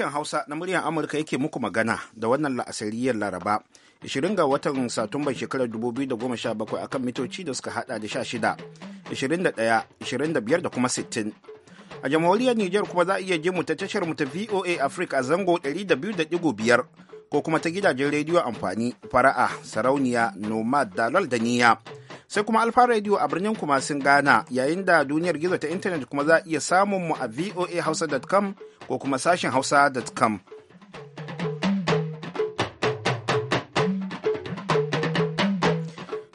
sashen Hausa na muryar Amurka yake muku magana da wannan la'asariyar Laraba 20 ga watan Satumban shekarar 2017 akan mitoci da suka hada da 16, 21, 25 da kuma 60. A jamhuriyar Nijar kuma za a iya ji ta tashar mu ta VOA Africa a zango 200.5 ko kuma ta gidajen rediyo amfani fara'a sarauniya nomad dalal da niyya sai kuma alfa radio a birnin kuma sun gana yayin da duniyar gizo ta intanet kuma za a iya samun mu a voahausa.com ko kuma sashen hausa.com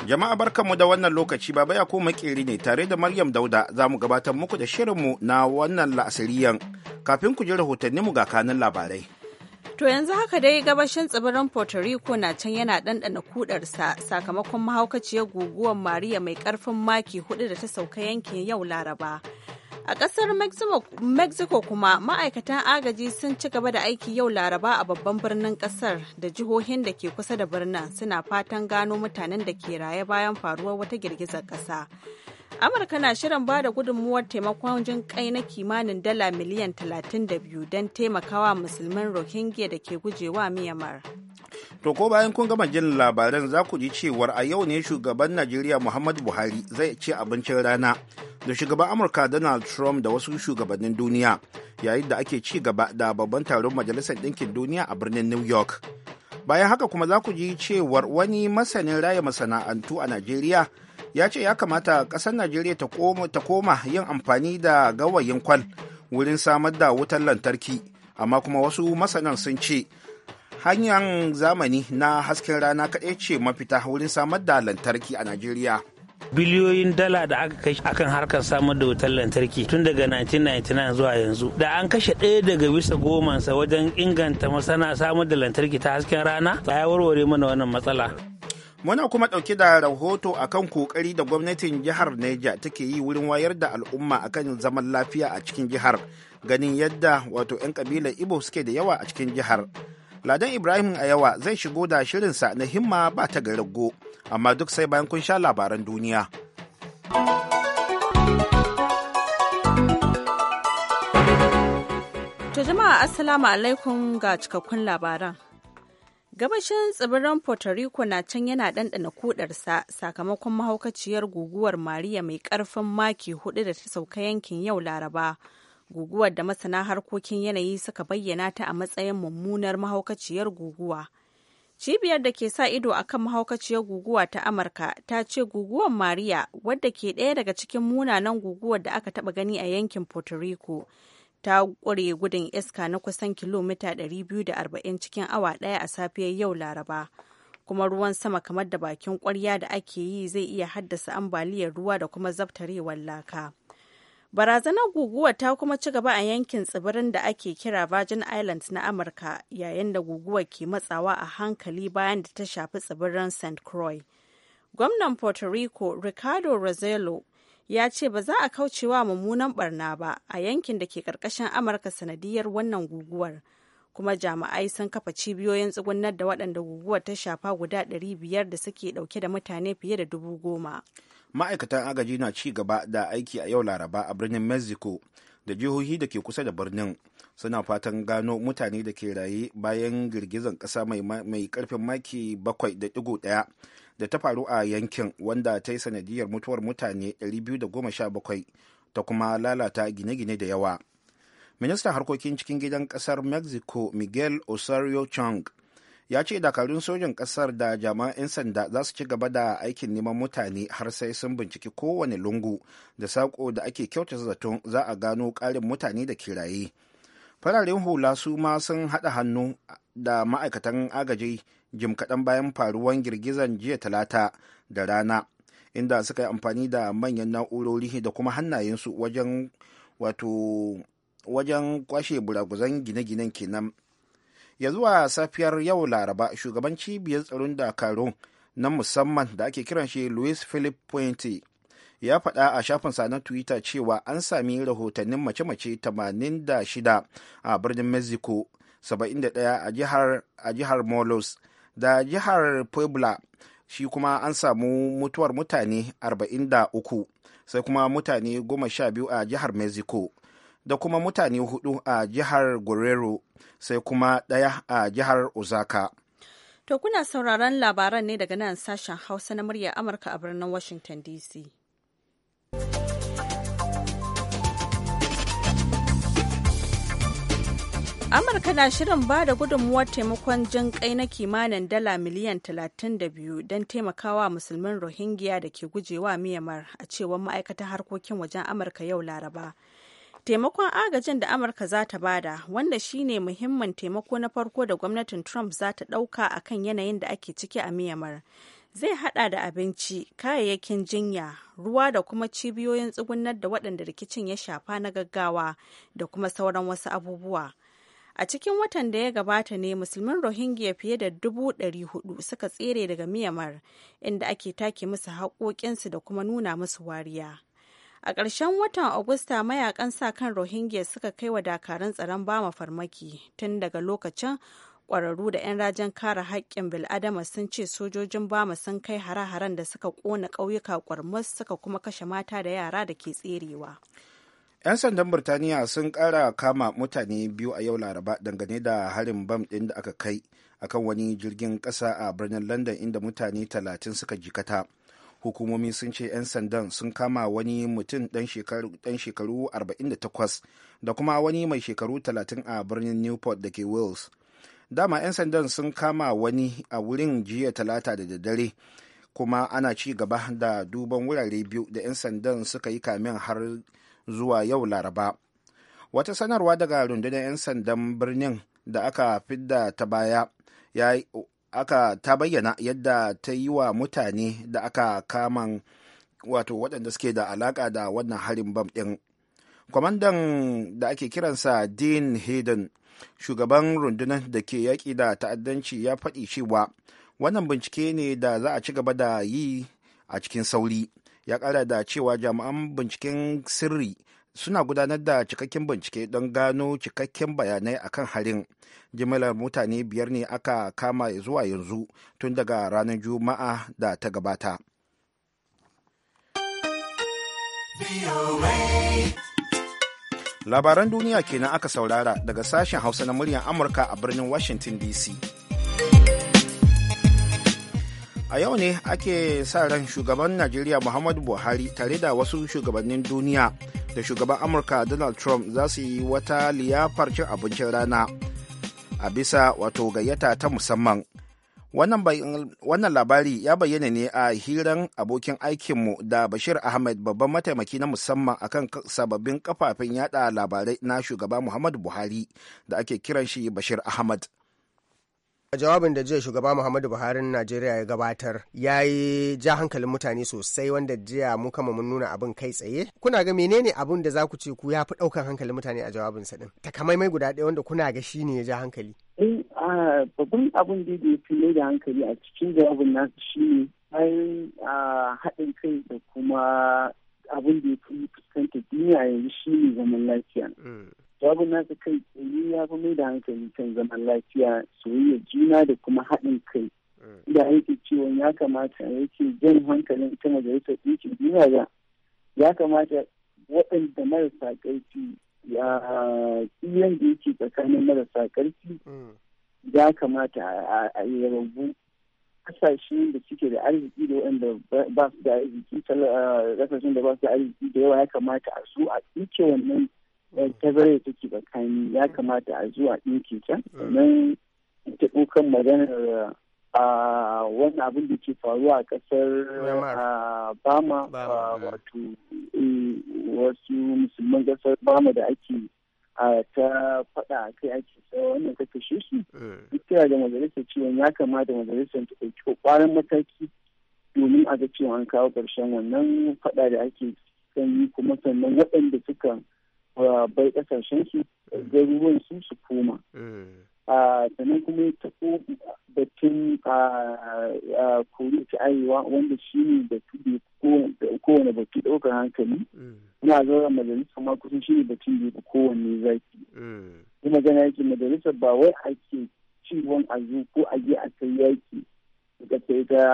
jama'a barkanmu da wannan lokaci baba ya ko makeri ne tare da maryam dauda za mu gabatar muku da shirinmu na wannan la'asiriyan kafin ku ji mu ga kanin labarai To yanzu haka dai gabashin tsibirin Puerto Rico na can yana ɗanɗana kudarsa sakamakon mahaukaciyar guguwar Maria mai ƙarfin maki hudu da ta sauka yankin yau Laraba. A ƙasar Mexico kuma ma'aikatan agaji sun ci gaba da aiki yau Laraba a babban birnin ƙasar da jihohin da ke kusa da birnin suna fatan gano mutanen da ke raye bayan faruwar wata girgizar ƙasa. Amurka na shirin ba da gudunmuwar taimakon jin kai na kimanin dala miliyan 32 don taimakawa musulman Rohingya da ke gujewa Myanmar. To ko bayan kun gama jin labaran za ku ji cewar a yau ne shugaban Najeriya Muhammadu Buhari zai ci abincin rana da shugaban Amurka Donald Trump da wasu shugabannin duniya yayin da ake ci gaba da babban taron Majalisar Ɗinkin Duniya a birnin New York. Bayan haka kuma za ku ji cewar wani masanin raya masana'antu a Najeriya ya ce ya kamata ƙasar najeriya ta koma yin amfani da gawayin kwal wurin samar da wutar lantarki amma kuma wasu masanan sun ce hanyar zamani na hasken rana kaɗai ce mafita wurin samar da lantarki a najeriya biliyoyin dala da aka kashe akan harkar samar da wutar lantarki tun daga 1999 zuwa yanzu da an kashe ɗaya daga bisa gomansa wajen inganta masana samar da lantarki ta hasken rana ya warware mana wannan matsala Muna kuma ɗauke da rahoto a kan kokari da gwamnatin jihar Neja take yi wurin wayar da al'umma a kan zaman lafiya a cikin jihar, ganin yadda wato 'yan kabilar Ibo suke da yawa a cikin jihar. Ladan Ibrahim a yawa zai shigo da shirinsa na himma ba ta garago, amma duk sai bayan kun sha labaran duniya. To jama'a Assalamu alaikum ga cikakkun labaran. Gabashin tsibirin Puerto Rico na can yana ɗanɗana kudarsa sakamakon mahaukaciyar guguwar Maria mai ƙarfin maki hudu da ta sauka yankin yau Laraba. Guguwar da masana harkokin yanayi suka bayyana ta a matsayin mummunar mahaukaciyar guguwa. Cibiyar da ke sa ido a kan mahaukaciyar guguwa ta Amurka ta ce guguwar Maria wadda ke ɗaya daga cikin munanan guguwar da aka taɓa gani a yankin Puerto Rico ta ƙure gudun iska na kusan kilomita 240 cikin awa ɗaya a safiyar yau laraba kuma ruwan sama kamar da bakin ƙwarya da ake yi zai iya haddasa ambaliyar ruwa da kuma zabtarewar laka barazanar guguwa ta kuma ci gaba a yankin tsibirin da ake kira virgin islands na amurka yayin da guguwar ke matsawa a hankali bayan da ta shafi tsibirin st croix gwamnan puerto rico ricardo rosello ya ce ba za a kauce wa mummunan barna ba a yankin da ke karkashin amurka sanadiyar wannan guguwar kuma jami'ai sun kafa cibiyoyin tsugunar da waɗanda guguwar ta shafa guda ɗari biyar da suke ɗauke da mutane fiye da dubu goma ma'aikatan agaji na ci gaba da aiki a yau laraba a birnin mexico da jihohi da ke kusa da birnin suna fatan gano mutane da ke raye bayan girgizan kasa mai karfin maki bakwai da da ta faru a yankin wanda ta yi sanadiyar mutuwar mutane 217 ta kuma lalata gine-gine da yawa ministan harkokin cikin gidan kasar mexico miguel osorio chong. ya ce dakarun sojin kasar da jama'an 'yan sanda za su ci gaba da aikin neman mutane har sai sun binciki kowane lungu da saƙo da ake kyauta zaton za a gano ƙarin mutane da kiraye fararen hula su ma sun haɗa hannu da ma'aikatan agaji jim kaɗan bayan faruwan girgizan jiya talata da rana inda suka yi amfani da manyan na'urori da kuma hannayensu wajen wato wajen kwashe buraguzan gine-ginen kenan ya zuwa safiyar yau laraba shugaban cibiyar tsaron dakaro na musamman da ake kiran shi louis philip pointe ya faɗa a shafinsa na twitter cewa an sami rahotannin mace-mace 86 a birnin mexico 71 a jihar molos da jihar puebla shi kuma an samu mutuwar mutane 43 sai kuma mutane 12 a jihar mexico da kuma mutane hudu a jihar guerrero sai kuma daya a jihar osaka to kuna sauraron labaran ne daga nan sashen hausa na murya amurka a birnin washington dc amurka na shirin ba da gudunmuwar taimakon jin kai na kimanin dala miliyan 32 don taimakawa musulmin rohingya da ke gujewa myanmar a cewar ma'aikatan harkokin wajen amurka yau laraba taimakon agajin da amurka za ta bada wanda shine muhimmin taimako na farko da gwamnatin trump za ta ɗauka a kan yanayin da ake ciki a miyamar zai hada da abinci kayayyakin jinya ruwa da kuma cibiyoyin tsugunar da waɗanda rikicin ya shafa na gaggawa da kuma sauran wasu abubuwa a cikin watan da ya gabata ne musulmin rohingya fiye da dubu ɗari hudu suka tsere daga miyamar inda ake take musu haƙoƙinsu da kuma nuna musu wariya A ƙarshen watan Agusta mayakan sa kan Rohingya suka kai wa dakarun tsaron bama farmaki tun daga lokacin ƙwararru da 'yan rajin kare haƙƙin bil'adama sun ce sojojin bama sun kai hare-haren da suka ƙona ƙauyuka ƙwarmus suka kuma kashe mata da yara da ke tserewa. 'yan sandan birtaniya sun ƙara kama mutane biyu a yau laraba dangane da harin bam ɗin da aka kai akan wani jirgin ƙasa a birnin london inda mutane talatin suka jikata hukumomi sun ce 'yan sandan sun kama wani mutum dan shekaru 48 da kuma wani mai shekaru 30 a birnin newport da ke wales dama 'yan sandan sun kama wani a wurin jiya talata da daddare kuma ana ci gaba da duban wurare biyu da 'yan sandan suka yi kamin har zuwa yau laraba wata sanarwa daga rundunar 'yan sandan birnin da aka fidda ta baya aka ta bayyana yadda ta yi wa mutane da aka kaman wato waɗanda suke da alaƙa da wannan harin bam ɗin kwamandan da ake kiransa dean hayden shugaban rundunar da ke yaƙi da ta'addanci ya faɗi cewa wannan bincike ne da za a ci gaba da yi a cikin sauri ya ƙara da cewa jami'an binciken sirri suna gudanar da cikakken bincike don gano cikakken bayanai akan harin jimilar mutane biyar ne aka kama zuwa yanzu tun daga ranar juma'a da ta gabata labaran duniya kenan aka saurara daga sashen hausa na muryar amurka a birnin washington dc a yau ne ake sa ran shugaban najeriya muhammadu buhari tare da wasu shugabannin duniya da shugaban amurka donald trump za su yi wata liyafar cin abincin rana a bisa wato gayyata ta musamman wannan labari ya bayyana ne a hiran abokin aikinmu da bashir ahmed babban mataimaki na musamman akan sababbin kafafen yada labarai na shugaba muhammadu buhari da ake kiran shi bashir ahmed a jawabin da jiya shugaba muhammadu buhari na najeriya ya gabatar ya yi ja hankalin mutane sosai wanda jiya mu kama mun nuna abin kai tsaye kuna ga menene abin da za ku ce ku ya fi ɗaukan hankalin mutane a jawabinsa ɗin takamaimai guda ɗaya wanda kuna ga shi ne ya ja hankali eh, babban abin da ya fi da hankali a cikin jawabin nasu shi ne bayan haɗin kai da kuma abin da ya fi fuskantar duniya yanzu shi ne zaman lafiya. Mm. Babu nasa kai tsaye ya fi mai da hankali kan zaman lafiya soyayyar juna da kuma haɗin kai. Mm. Da yake cewa ya kamata yake jan hankalin ta majalisar ɗinkin duniya ba. ya kamata waɗanda marasa ƙarfi ya tsiyan da yake tsakanin marasa ƙarfi mm. ya kamata a yi rabu kasashe da suke da arziki da wanda ba su da arziki ah, kasashen da ba su da arziki da yawa ya kamata a su a ɗinke wannan eh, tazarar da take tsakani ya kamata a zuwa ɗinke ta domin ta ɗaukan maganar ah, wani abin da ke faruwa a ƙasar ah, bama eh. wato eh, wasu musulman ƙasar bama da ake ta faɗa a kai ake wannan kakashi kira da majalisar ciwon ya kamata majalisar ta ɗauki kwaran mataki domin a ga cewa an kawo ƙarshen wannan faɗa da ake sanyi kuma sannan waɗanda suka bai ƙasashen su garuruwan su su koma. Eh. sannan kuma ya taɓo batun kori ta arewa wanda shi ne batu da kowane batu ɗaukar hankali eh. na zaura majalisar ma kusan shi ne batun da kowanne zaki. Eh. Kuma magana yake majalisar ba wai ake ciwon a ko a je a kai yaki da kai ga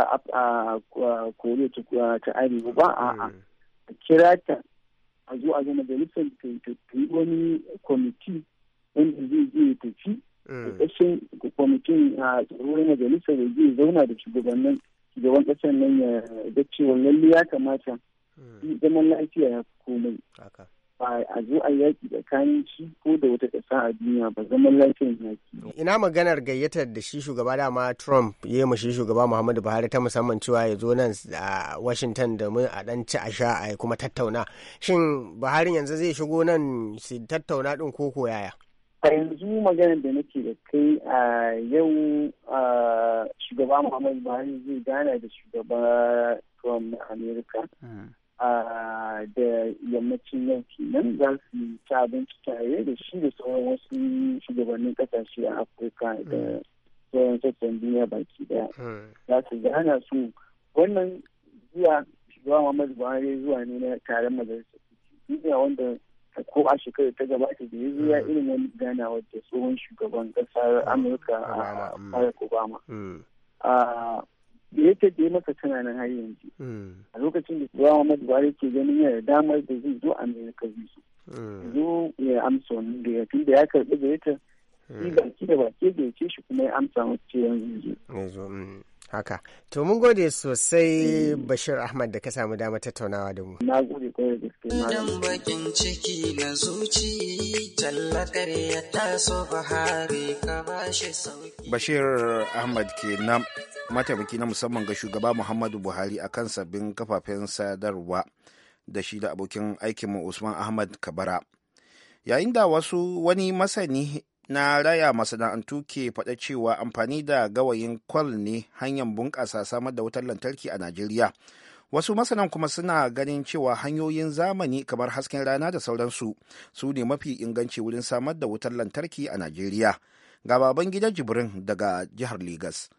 kore ta arewa ba a'a hmm. a kira ta a zo a zama da ta yi wani kwamiti wanda zai je ya tafi hmm. ƙarshen kwamitin a tsoron majalisar da zai zauna da shugabannin shugaban ƙasar nan ya ga cewa lalle ya kamata hmm. zaman lafiya ya komai ba a zo a yaƙi tsakanin shi ko da wata ƙasa a duniya ba zaman lafiyar yaƙi. Ina maganar gayyatar da shi shugaba dama Trump ya ma shi shugaba Muhammadu Buhari ta musamman cewa ya zo nan a Washington da mun a ɗan ci a sha a kuma tattauna. Shin Buhari yanzu zai shigo nan su tattauna ɗin ko yaya? a yanzu maganar da nake da kai a yau shugaba muhammadu buhari zai gana da shugaba trump na amerika hmm. da yammacin yanki nan za su ci abinci tare da shi da sauran wasu shugabannin kasashe a afirka da hmm. sauran sassan duniya baki daya hmm. za su gana su wannan zuwa shugaba mamadu buhari zuwa ne na taron majalisar duniya wanda ko a shekarar ta gabata da ya zo ya hmm. irin wani gana wadda tsohon shugaban kasar amurka a barack obama da ya da masa tunanin har yanzu a lokacin da zuwa Muhammadu Buhari ke ganin yana damar da zai zo Amerika zai so hmm. zo ya amsa wani da ya da ya karɓi da ya ta baki da baki da ya ce shi kuma ya amsa wacce ce yanzu haka to mun gode sosai eh. bashir ahmad da ka samu dama tattaunawa da mu na gode gaske dan bakin ciki na zuci tallakar ya taso bahari ka bashi sauki bashir ahmad ke mataimaki na musamman ga shugaba muhammadu buhari a kan sabbin kafafen sadarwa da shi da abokin aikinmu usman ahmad kabara yayin da wasu wani masani na raya masana'antu ke faɗa cewa amfani da gawayin kwal ne hanyar bunƙasa samar da wutar lantarki a najeriya wasu masanan kuma suna ganin cewa hanyoyin zamani kamar hasken rana da sauransu su ne mafi inganci wurin samar da wutar lantarki a najeriya ga baban gidan jibrin daga jihar Legas.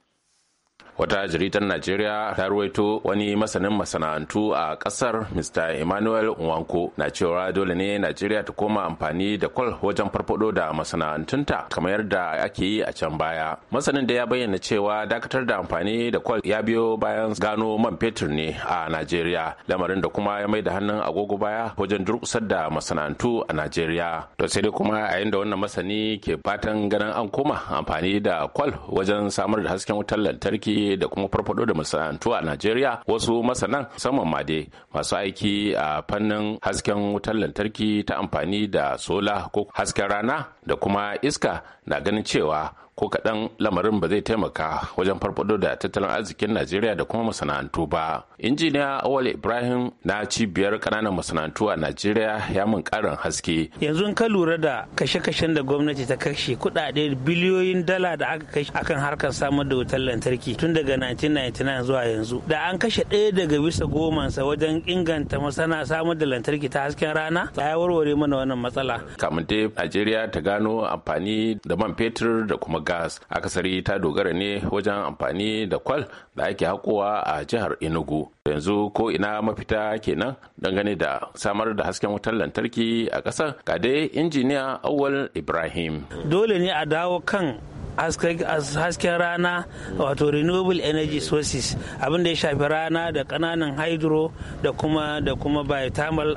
wata jaridar najeriya ta ruwaito wani masanin masana'antu a kasar mr emmanuel nwanko na cewa dole ne najeriya ta koma amfani da kwal wajen farfado da masana'antunta kamar yadda ake yi a can baya masanin da ya bayyana cewa dakatar da amfani da kwal ya biyo bayan gano man fetur ne a najeriya lamarin da kuma ya mai da hannun agogo baya wajen durkusar da masana'antu a najeriya to sai dai kuma a da wannan masani ke fatan ganin an koma amfani da kwal wajen samar da hasken wutar lantarki da kuma farfado da masana'antu a Najeriya wasu masanan saman made masu aiki a fannin hasken wutar lantarki ta amfani da sola ko hasken rana da kuma iska na ganin cewa ko kaɗan lamarin ba zai taimaka wajen farfado da tattalin arzikin najeriya da kuma masana'antu ba injiniya awal ibrahim na cibiyar ƙananan masana'antu a najeriya ya mun ƙarin haske yanzu ka lura da kashe-kashen da gwamnati ta kashe kuɗaɗe biliyoyin dala da aka kashe akan harkar samar da wutar lantarki tun daga 1999 zuwa yanzu da an kashe ɗaya daga bisa gomansa wajen inganta masana samar da lantarki ta hasken rana ya warware mana wannan matsala kamun dai najeriya ta gano amfani da man fetur da kuma gas akasari ta dogara ne wajen amfani da kwal da ake hakowa a jihar enugu yanzu ko ina mafita kenan dangane da samar da hasken wutar lantarki a ƙasar ga dai injiniya awal ibrahim dole ne a dawo kan hasken rana wato renewable energy sources abinda ya shafi rana da kananan hydro da kuma da kuma biothermal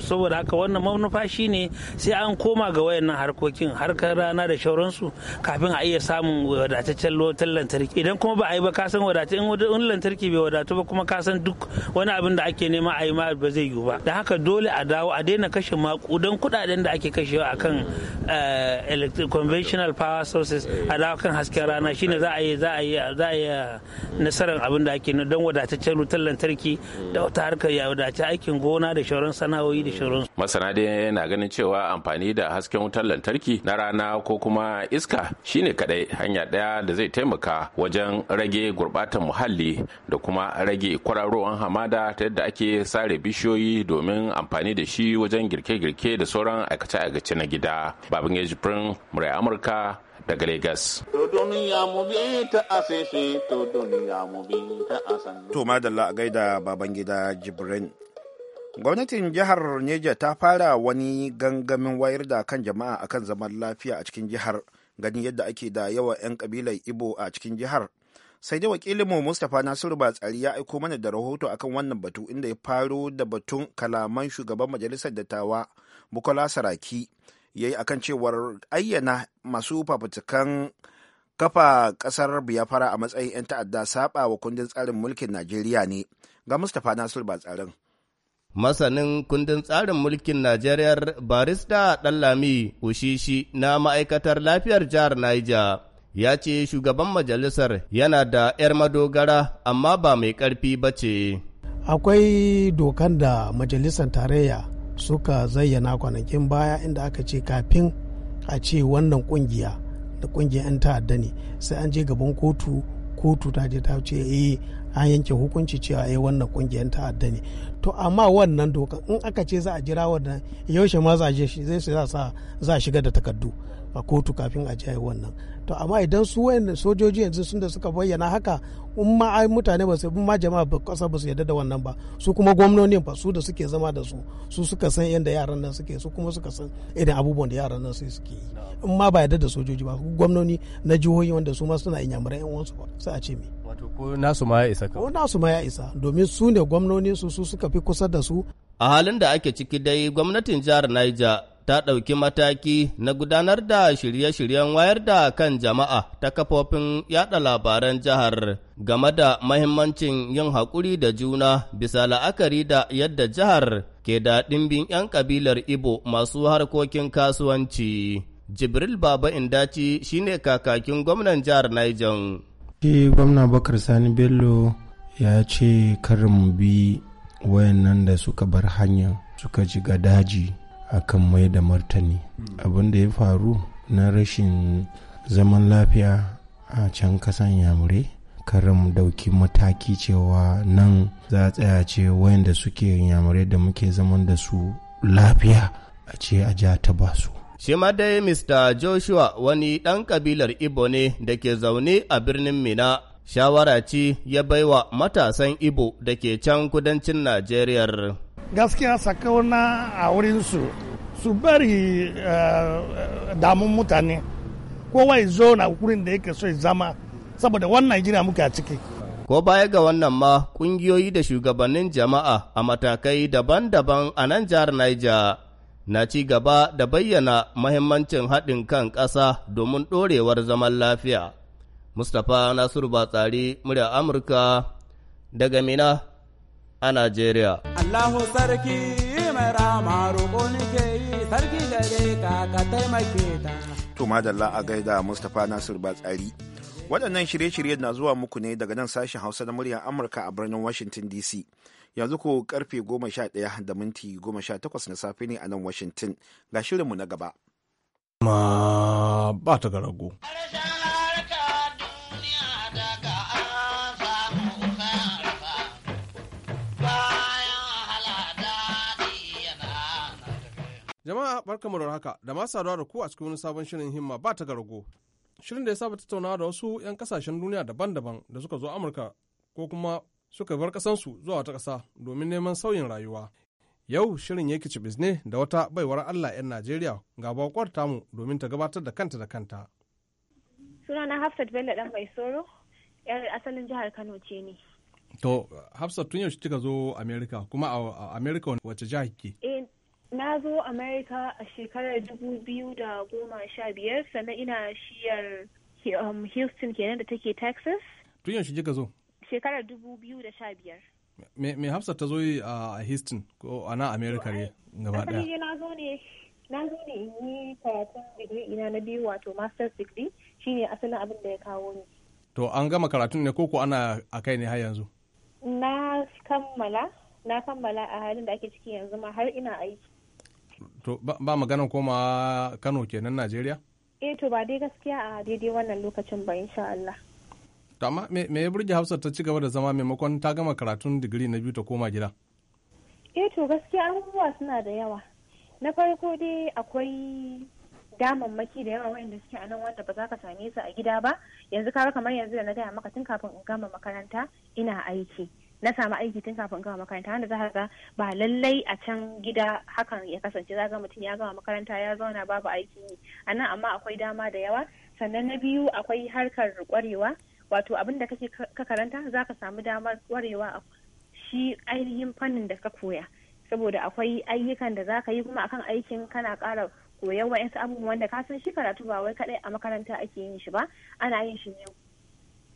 saboda haka wannan manufa ne sai an koma ga wayannan harkokin harkar rana da shauransu kafin a iya samun wadataccen lotar lantarki idan kuma ba a yi ba kasan in lantarki bai wadatu ba kuma kasan duk wani abin da ake nema a yi ma ba zai yiwu ba da haka dole a dawo a daina kashe makudan kudaden da ake kashewa akan eh, conventional power sources a kan hasken rana shine za a yi za a yi za a yi nasarar abin da ake don wadataccen wutar lantarki da wata harkar ya wadace aikin gona da shauran sana'o'i da shauran masana dai yana ganin cewa amfani da hasken wutar lantarki na rana ko kuma iska shine kadai hanya daya da zai taimaka wajen rage gurbatan muhalli da kuma rage kwararowar hamada ta yadda ake sare bishiyoyi domin amfani da shi wajen girke-girke da sauran aikace-aikace na gida babin ya murai amurka daga Legas. To madalla a gaida Babangida Jibrin. Gwamnatin jihar Neja ta fara wani gangamin wayar da kan jama'a akan zaman lafiya a cikin jihar ganin yadda ake da yawa 'yan kabilar Ibo a cikin jihar. Sai dai wakilinmu Mustapha Nasiru Batsari ya aiko mana da rahoto akan wannan batu inda ya faro da batun kalaman shugaban majalisar dattawa Bukola Saraki ya yi kan cewar ayyana masu fafutukan kafa kasar biyafara a matsayin 'yan ta'adda saba wa kundin tsarin mulkin najeriya ne ga mustapha nasir ba tsarin masanin kundin tsarin mulkin najeriya barista ɗanlami ushishi na ma'aikatar lafiyar jihar niger ya ce shugaban majalisar yana da 'yar madogara amma ba mai karfi ba ce akwai dokan da majalisar tarayya suka zayyana kwanakin baya inda aka ce kafin a ce wannan kungiya da kungiyar 'yan ta'adda ne sai an je gaban kotu kotu ta je ta ce eh an yanke hukunci cewa eh wannan kungiyar ta'adda ne to amma wannan doka in aka ce za a jira wannan yaushe ma za a je shi zai za a shiga da takardu a kotu kafin a jaye wannan to amma idan su wayan sojoji yanzu sun da suka bayyana haka in ma ai mutane ba su ma jama'a ba kasa ba su yarda da wannan ba su kuma gwamnonin fa su da suke zama da su su suka san yadda yaran nan suke su kuma suka san irin abubuwan da yaran nan sai suke yi in ma ba yarda da sojoji ba gwamnoni na jihohi wanda su ma suna yamuran yan uwansu ba sai a ce me wato ko nasu ma ya isa ko nasu ma ya isa domin su ne gwamnonin su su suka fi kusa da su a halin da ake ciki dai gwamnatin jihar Niger ta ɗauki mataki na gudanar da shirye-shiryen wayar da kan jama'a ta kafofin yada labaran jihar game da mahimmancin yin haƙuri da juna bisa la'akari da yadda jihar ke da ɗimbin 'yan ƙabilar Ibo masu harkokin kasuwanci. Jibril Baba Indaci shine kakakin gwamnan jihar Niger. Shi gwamna Bakar Sani Bello ya ce karin bi wayannan da suka bar hanya suka jiga daji akan mai da martani abin da ya faru na rashin zaman lafiya a can kasan yamurai karam dauki mataki cewa nan za a tsaya ce wayanda suke yamurai da muke zaman da su lafiya a ce a ja ta basu Shi ma dai Mr. Joshua wani dan kabilar Ibo ne da ke zaune a birnin Mina, shawara ci ya baiwa matasan Ibo da ke can kudancin Najeriya. gaskiya sakauna a wurin su bari eh, eh, damun mutane kowa ya zo na wurin da yake so ya zama saboda wannan gina muke a ciki ko baya ga wannan ma kungiyoyi da shugabannin jama'a a matakai daban-daban a nan jihar Niger na ci gaba da bayyana mahimmancin haɗin kan ƙasa domin ɗorewar zaman lafiya. Mustapha Nasiru Batsari, murya Amurka daga Mina a Najeriya. Allahu sarki mai rama roƙo ke yi sarki gare ka ka taimake ta. To madalla a gaida Mustapha Nasir Batsari. Waɗannan shirye-shirye na zuwa muku ne daga nan sashen Hausa na muryar Amurka a birnin Washington DC. Yanzu ko karfe goma sha ɗaya da minti goma sha takwas na safe ne a nan Washington. Ga shirinmu na gaba. Ma ba ta ga rago. Jama'a mu da haka da ma saduwa da ku a cikin wani sabon shirin himma ba ta gargo. Shirin da ya saba tattaunawa da wasu 'yan kasashen duniya daban-daban da suka zo Amurka ko kuma suka bar kasansu zuwa wata ƙasa domin neman sauyin rayuwa. Yau shirin ya kici bizne da wata baiwar Allah 'yan Najeriya ga bakwar tamu domin ta gabatar da kanta da kanta. Sunana Hafsat Bello dan mai soro, 'yar asalin jihar Kano ce ne. To, Hafsat tun yaushe kika zo Amerika, kuma a Amerika wace jiha kike? Eh, zo Amerika a shekarar dubu biyu da goma sha biyar sannan ina shiyar um, houston kenan da take texas tun yaushe kika zo shekarar dubu biyu da sha biyar me hafsa ta zo yi a houston ko a nan america ne gaba daya na zo ne na zo ne in yi karatun digiri ina na biyu wato master's degree shine asalin abin da ya kawo ni to an gama karatun ne koko ana a kai ne har yanzu na kammala na kammala a halin da ake ciki yanzu ma har ina aiki To ba magana koma Kano kenan Najeriya? Eh to ba dai gaskiya a daidai wannan lokacin ba insha Allah. To amma me ya burge Hafsat ta ci gaba da zama maimakon ta gama karatun digiri na biyu ta koma gida? Eh to gaskiya abubuwa suna da yawa. Na farko dai akwai damammaki da yawa wanda suke anan wanda ba za ka same su a gida ba yanzu kaga kamar yanzu da na gaya maka tun kafin in gama makaranta ina aiki. na samu aiki tun kafin gama makaranta wanda za ga ba lallai a can gida hakan ya kasance za ga mutum ya gama makaranta ya zauna babu aiki ne a nan amma akwai dama da yawa sannan na biyu akwai harkar kwarewa wato abin da kake ka karanta za ka samu damar kwarewa shi ainihin fannin da ka koya saboda akwai ayyukan da za ka yi kuma akan aikin kana kara koyan wa'yansu abubuwan da ka san shi karatu ba wai kaɗai a makaranta ake yin shi ba ana yin shi ne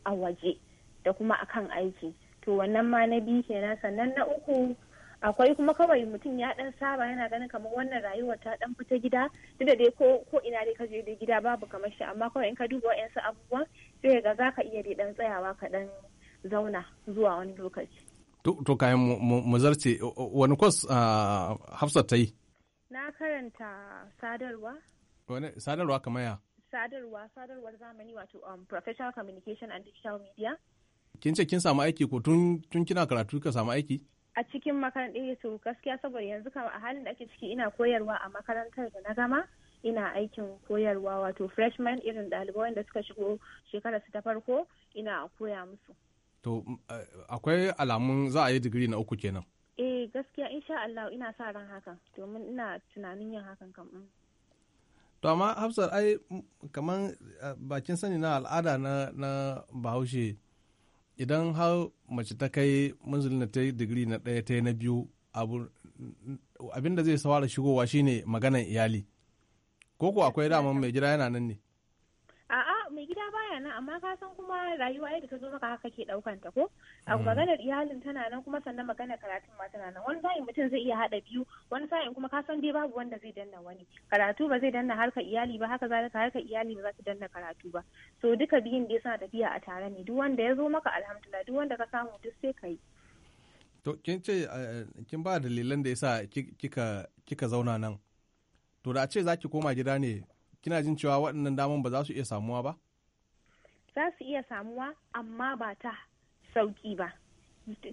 a waje da kuma akan aiki to wannan ma na biyu kenan sannan na uku akwai kuma kawai mutum ya dan saba yana ganin kamar wannan rayuwar ta dan fita gida duk da dai ko ko ina dai ka je da gida babu kamar shi amma kawai in ka duba wa'yansu abubuwan sai ga zaka iya dai dan tsayawa ka dan zauna zuwa wani lokaci to kayan mu zarce wani kwas hafsat ta yi na karanta sadarwa wani sadarwa kamar ya sadarwa sadarwar zamani wato um, professional communication and digital media kin ce kin samu aiki ko tun tun kina karatu ka samu aiki a cikin makarantar eh gaskiya saboda yanzu kama a halin da ake ciki ina koyarwa a makarantar da na gama ina aikin koyarwa wato freshman irin ɗalibai wanda suka shigo shekarar su ta farko ina koya musu to mm, eh, akwai alamun za a yi digiri na uku kenan eh gaskiya insha Allah ina sa ran hakan domin ina tunanin yin hakan kam mm. to amma hafsar ai mm, kaman eh, bakin sani na al'ada na na bahaushe idan har mace ta kai manzilin da ta yi digiri na ɗaya ta yi na biyu abin da zai sawara shigowa shine maganan iyali ko ko akwai daman mai gida yana nan ne mai gida baya nan amma ka san kuma rayuwa yadda ta zo maka haka ke daukan ta ko a mm. maganar iyalin tana nan kuma sannan maganar karatun ma tana nan wani sa'in mutum zai iya hada biyu wani sa'in kuma ka san dai babu wanda zai danna wani karatu ba zai danna harka iyali ba haka zalika harkar iyali ba za ta danna karatu ba so duka biyun dai suna tafiya a tare ne duk wanda ya zo maka alhamdulillah duk wanda ka samu duk sai kai to kin ce eh, eh, kin ba dalilan da yasa kika kika zauna nan to da a ce zaki koma gida ne kina jin cewa waɗannan daman ba za su iya samuwa ba? Za su iya samuwa amma ba ta sauƙi ba.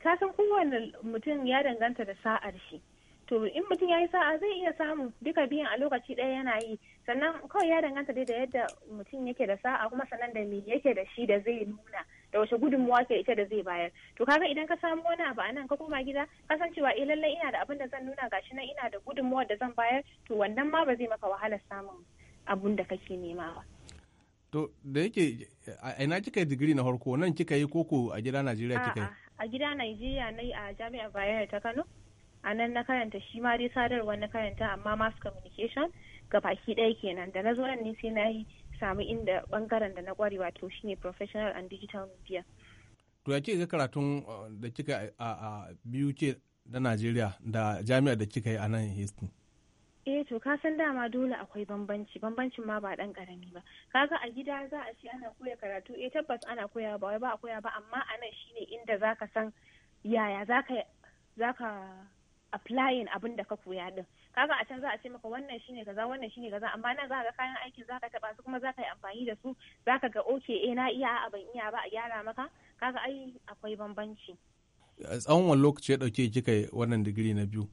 Kasan kowane mutum ya danganta da sa'ar shi. to in mutum ya yi sa'a zai iya samu duka biyan a lokaci ɗaya yana yi sannan kawai ya danganta dai da yadda mutum yake da sa'a kuma sannan da me yake da shi da zai nuna da wace gudunmuwa ke ita da zai bayar to kaga idan ka samu wani abu a nan ka koma gida ka cewa eh lallai ina da abin da zan nuna gashi nan ina da gudunmuwa da zan bayar to wannan ma ba zai maka wahalar samun abun da kake nema ba to da yake a ina kika yi digiri na harko nan kika yi koko a gida Najeriya kika yi a gida Najeriya na yi a jami'ar Bayero ta Kano a nan na karanta shi ma dai sadarwa na karanta amma mass communication ga baki ɗaya kenan da na zo nan ne sai na yi samu inda bangaren da na kware wato shine professional and digital media to ya ce ga karatun uh, da kika a biyu ce na Najeriya da jami'ar da kika yi a nan Houston eh to ka san dama dole akwai bambanci bambancin ma ba dan karami ba kaga a gida za a ce ana koya karatu eh tabbas ana koya ba wai ba a koya ba amma anan shine inda zaka san yaya zaka zaka applying abin da ka koya din kaga a can za a ce maka wannan shine kaza wannan shine kaza amma nan zaka ga kayan aikin zaka taba su kuma zaka yi amfani da su zaka ga oke eh na iya a ban iya ba a gyara maka kaga ai akwai bambanci tsawon wani lokaci ya dauke kika wannan digiri na biyu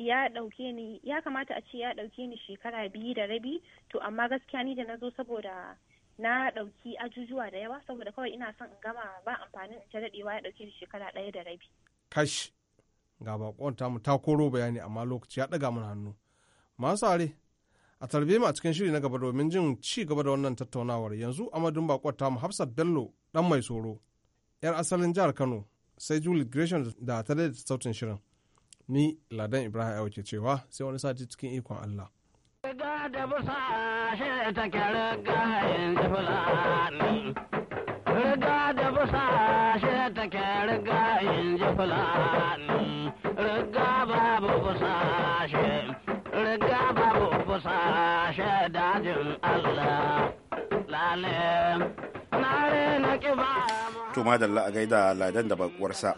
ya dauke ni ya kamata a ce ya dauke ni shekara biyu da rabi to amma gaskiya ni da na zo saboda na ɗauki ajujuwa da yawa saboda kawai ina son in gama ba amfanin in ta dadewa ya dauke ni shekara ɗaya da rabi kash ga bakon tamu ta koro bayani amma lokaci ya daga mun hannu masu are a tarbe mu a cikin shiri na gaba domin jin ci gaba da wannan tattaunawar yanzu amadun bakon tamu hafsat bello dan mai soro yar asalin jihar kano sai julie gresham da ta daidaita sautin shirin ni ladan ibrahim ya wuce cewa sai wani sati cikin ikon allah riga da busa shi ta ke gaida ladan da bakuwarsa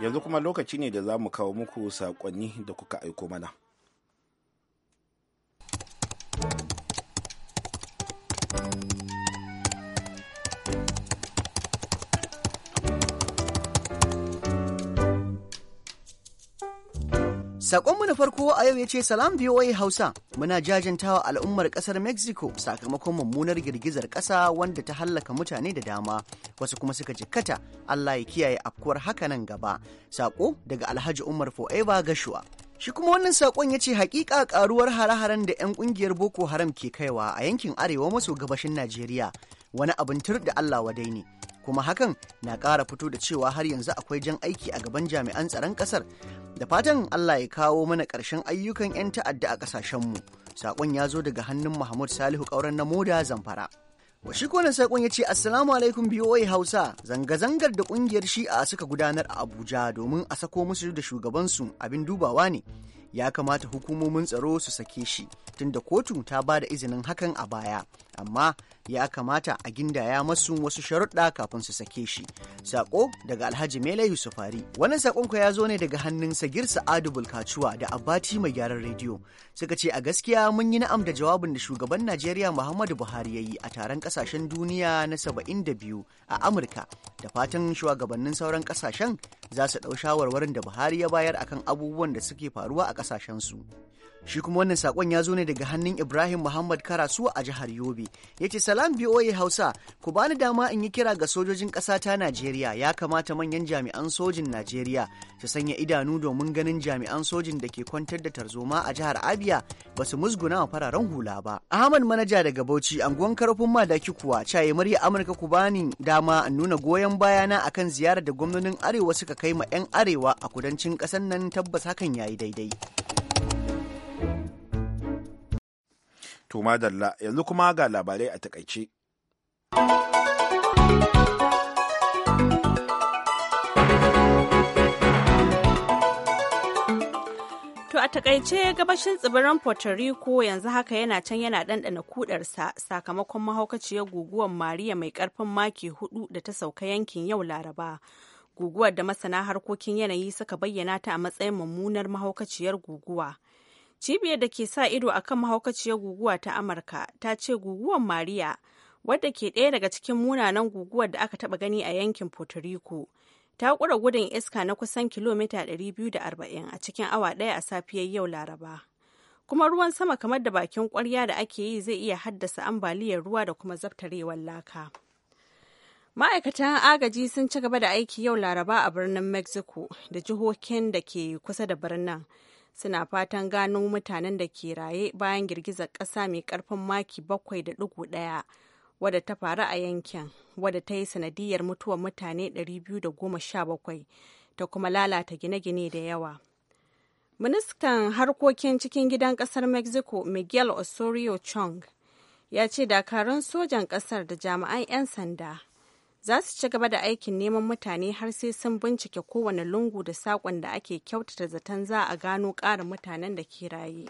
yanzu kuma lokaci ne da za mu kawo muku saƙonni da kuka aiko mana. Sakonmu na farko a yau ya ce salam VOA Hausa muna jajantawa al'ummar kasar Mexico sakamakon mummunar girgizar ƙasa wanda ta hallaka mutane da dama wasu kuma suka jikkata Allah ya kiyaye afkuwar hakanan gaba. Sako daga Alhaji Umar Forever Gashua. Shi kuma wannan sakon ya ce hakika karuwar hare-haren da 'yan kungiyar Boko Haram ke kaiwa a yankin arewa maso gabashin Najeriya wani abin tur da Allah wadai ne kuma hakan na ƙara fito da cewa har yanzu akwai jan aiki a gaban jami'an tsaron ƙasar da fatan allah ya kawo mana ƙarshen ayyukan 'yan ta'adda a ƙasashenmu saƙon ya zo daga hannun mahmud salihu ƙauren na moda zamfara Washi kone sakon ya ce Assalamu alaikum wai Hausa zanga-zangar da ƙungiyar Shi'a suka gudanar a Abuja domin a sako musu da shugabansu abin dubawa ne. ya kamata hukumomin tsaro su sake shi tunda kotu ta ba da izinin hakan a baya amma ya kamata a gindaya masu wasu sharuɗa kafin su sake shi sako daga alhaji mele yusufari wannan sakonka ya zo ne daga hannun sagir sa'adu bulkacuwa da abati mai gyaran rediyo suka ce a gaskiya mun yi na'am da jawabin da shugaban najeriya muhammadu buhari ya yi a taron kasashen duniya na 72 a amurka da fatan shugabannin sauran kasashen za su ɗau shawarwarin da Buhari ya bayar akan abubuwan da suke faruwa a ƙasashensu. Shi kuma wannan sakon ya zo ne daga hannun Ibrahim Muhammad Karasu a jihar Yobe. Ya ce salam BOA Hausa, ku bani dama in yi kira ga sojojin ƙasa ta Najeriya ya kamata manyan jami'an sojin Najeriya su sanya idanu domin ganin jami'an sojin da ke kwantar da tarzoma a jihar Abia ba su musguna wa fararen hula ba. Ahmad Manaja daga Bauchi, anguwan karfin madaki kuwa, caye murya Amurka ku bani dama in nuna goyon bayana akan ziyarar da gwamnonin Arewa suka kai ma 'yan Arewa a kudancin ƙasar nan tabbas hakan ya yi daidai. To madalla yanzu kuma ga labarai a takaice. To a takaice gabashin tsibirin Puerto Rico yanzu haka yana can yana ɗanɗana kudarsa sakamakon mahaukaciyar guguwar Mariya mai ƙarfin maki hudu da ta sauka yankin yau Laraba. Guguwar da masana harkokin yanayi suka bayyana ta a matsayin mummunar mahaukaciyar guguwa. Cibiyar da ke sa ido a kan mahaukaciyar guguwa ta Amurka ta ce guguwan Maria, wadda ke ɗaya daga cikin munanan guguwar da aka taɓa gani a yankin Puerto Rico, ta ƙura gudun iska na kusan kilomita 240 a cikin awa ɗaya a safiyar yau Laraba. Kuma ruwan sama kamar da bakin ƙwarya da ake yi zai iya haddasa ambaliyar ruwa da kuma zabtarewar laka. Ma'aikatan agaji sun ci gaba da aiki yau Laraba a birnin Mexico da jihohin da ke kusa da birnin. suna fatan gano mutanen da ke raye bayan girgizar ƙasa mai ƙarfin maki 7.1 wadda ta faru a yankin wadda ta yi sanadiyar mutuwar mutane 217 ta kuma lalata gine-gine da yawa. Ministan harkokin cikin gidan ƙasar Mexico Miguel Osorio Chong ya ce dakarun sojan ƙasar da jami'an 'yan sanda za su ci gaba da aikin neman mutane har sai sun bincike kowane lungu da saƙon da ake kyautata zaton za a gano ƙarin mutanen da ke raye.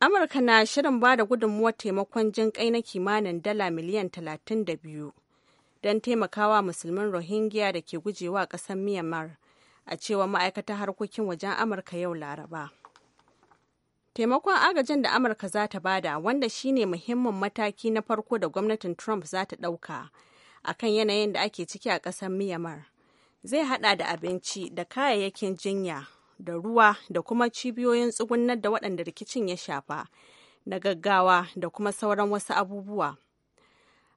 Amurka na shirin ba da gudunmuwar taimakon jin kai na kimanin dala miliyan 32 don taimakawa musulmin Rohingya da ke gujewa ƙasar Myanmar, a cewa ma'aikata harkokin wajen Amurka yau Laraba. taimakon agajin da amurka za ta bada wanda shine muhimmin mataki na farko da gwamnatin trump za ta ɗauka akan yanayin da ake ciki a ƙasar myanmar zai haɗa da abinci da kayayyakin jinya da ruwa da kuma cibiyoyin tsugunar da waɗanda rikicin ya shafa na gaggawa da kuma sauran wasu abubuwa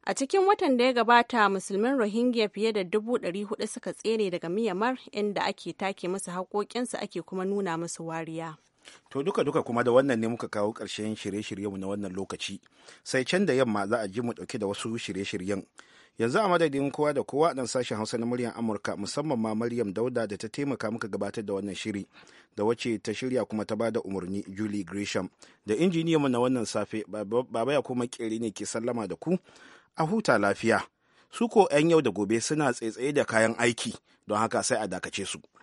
a cikin watan da ya gabata musulmin rohingya fiye da dubu ɗari hudu suka tsere daga miyamar inda ake take musu haƙoƙinsu ake kuma nuna musu wariya to duka duka kuma da wannan ne muka kawo ƙarshen shirye-shiryenmu na wannan lokaci sai can da yamma za a ji mu ɗauke da wasu shirye-shiryen yanzu a madadin kowa da kowa dan sashen hausa na muryar amurka musamman ma maryam dauda da ta taimaka muka gabatar da wannan shiri da wacce ta shirya kuma ta bada umarni julie gresham da injiniyanmu na wannan safe baba ya kuma kere ne ke sallama da ku a huta lafiya su ko 'yan yau da gobe suna tsaitsaye da kayan aiki don haka sai a dakace su